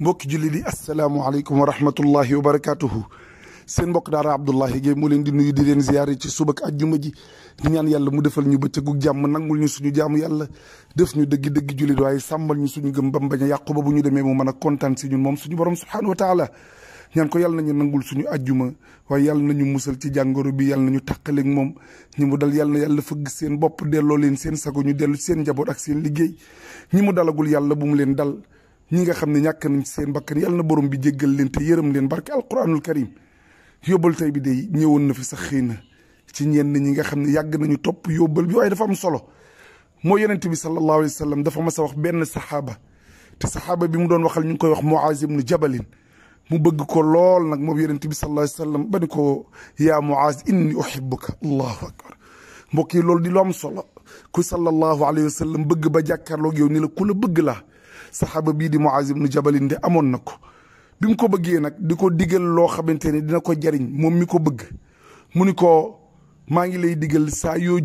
mbokki julli di asalaamualeykum wa rahmatullahi wa barakatuhu seen mbokk daara Abdoulahi Gaye mu leen di nuyu di leen ziyaare ci subak ajjuma ji di ñaan yàlla mu defal ñu bëccëgu jàmm nangul ñu suñu jaamu yàlla def ñu dëgg dëgg jullit waaye sambal ñu suñu gëm bam bañ ba bu ñu demee mu mën a kontaan si ñun moom suñu borom subhaanahu wa taala ñaan ko yàlla nañu nangul suñu ajjuma waaye yàlla ñu musal ci jàngoro bi yàlla nañu tàqaleeg moom ñi mu dal yàlla na yàlla fëgg seen bopp delloo leen seen sago ñu dellu seen njaboot ak seen liggéey ñi mu dalagul yàlla bu mu leen dal ñi nga xam ne ñàkk nañ seen bakkan yal na borom bi jéggal leen te yërëm leen barke alquranul karim yóbbal tey bi day ñëwoon na fi sax xëy na ci ñenn ñi nga xam ne yàgg nañu topp yóbbal bi waaye dafa am solo moo yonent bi sallallahu alayhi wa dafa mas a wax benn saxaaba te saxaaba bi mu doon waxal ñu ngi koy wax Muaz ibnu Jabalin mu bëgg ko lool nag moom yonent bi sallallahu alayhi wa sallam ba ni ko yaa Muaz inni uhibbuka allahu mbokk yi loolu di lu solo ku sallallahu alayhi wa sallam bëgg ba jàkkaarloog yow ni la ku bëgg laa saxaaba bii di Muaz ibnu Jabalin de amoon na ko bi mu ko bëggee nag di ko diggal loo xamante ne dina ko jariñ moom mi ko bëgg mu ni ko maa ngi lay digal saa yoo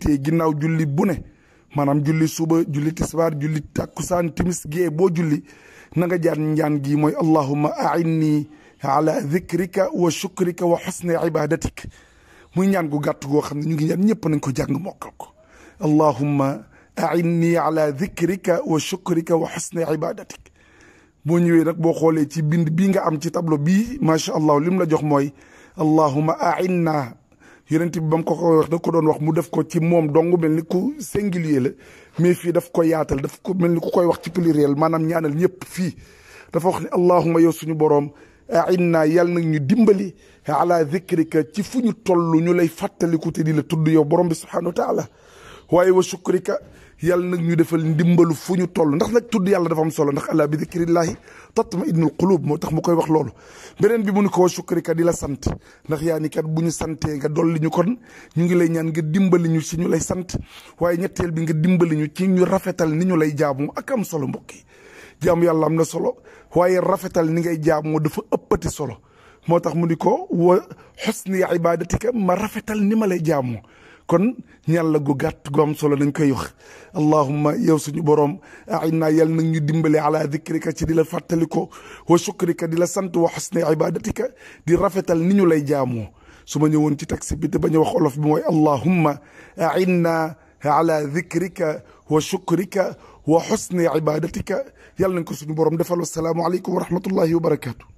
te ginnaaw julli bu ne maanaam julli suba julli tisbaar julli takkusaan timis gee boo julli na nga jaar njaan gi mooy allahumma ainni ala dhikrika wa shukrika wa xusni ibadatik muy ñaan gu gàtt goo xam ne ñu ngi ñaan ñëpp nañ ko jàng mokkal ko allahumma ainni ala dhikrika wa shukrika wa husni ibadatik boo ñëwee nag boo xoolee ci bind bii nga am ci tableau bii macha allah lim la jox mooy allahuma ainna yonent bi ba mu ko ko wax da ko doon wax mu def ko ci moom dong mel ni ku singulier la mais fii daf ko yaatal daf ko mel ni ku koy wax ci pluriel maanaam ñaanal ñëpp fii dafa wax ne allahuma yow suñu boroom ainna yàlla nag ñu dimbali ala dhikrika ci fu ñu toll ñu lay fàttaliku te di la tudd yow borom bi subhanahu wa waaye wa sukrika yàlla nag ñu defal dimbalu fu ñu toll ndax nag tudd yàlla dafa am solo ndax ala bi dikrillahi tatma innul qulub moo tax mu koy wax loolu beneen bi mu ni ko wa sukrika di la sant ndax yaa ni kat bu ñu santee nga dolli ñu kon ñu ngi lay ñaan nga dimbali ñu ci ñu lay sant waaye ñetteel bi nga dimbali ñu ci ñu rafetal ni ñu lay jaamoo ak am solo mbokk yi jaamu yàlla am na solo waaye rafetal ni ngay jaamoo dafa ëppati solo moo tax mu ni ko wa xusni ibadatika ma rafetal ni ma lay jaamoo kon ñàlla gu gàtt gu am solo dañ koy wax allahumma yow suñu borom ainaa yàlla nag ñu dimbale ala dikrika ci di la fàttaliko wa shukrika di la sant wa xusni ibadatika di rafetal ni ñu lay jaamoo su ma ñëwoon ci taxi bi te bañ a wax olof bi mooy allahumma ainaa ala dikrika wa shukrika wa xusni ibadatika yàlla nañ ko suñu borom defal wasalaamu aleykum wa rahmatullahi wa barakaatu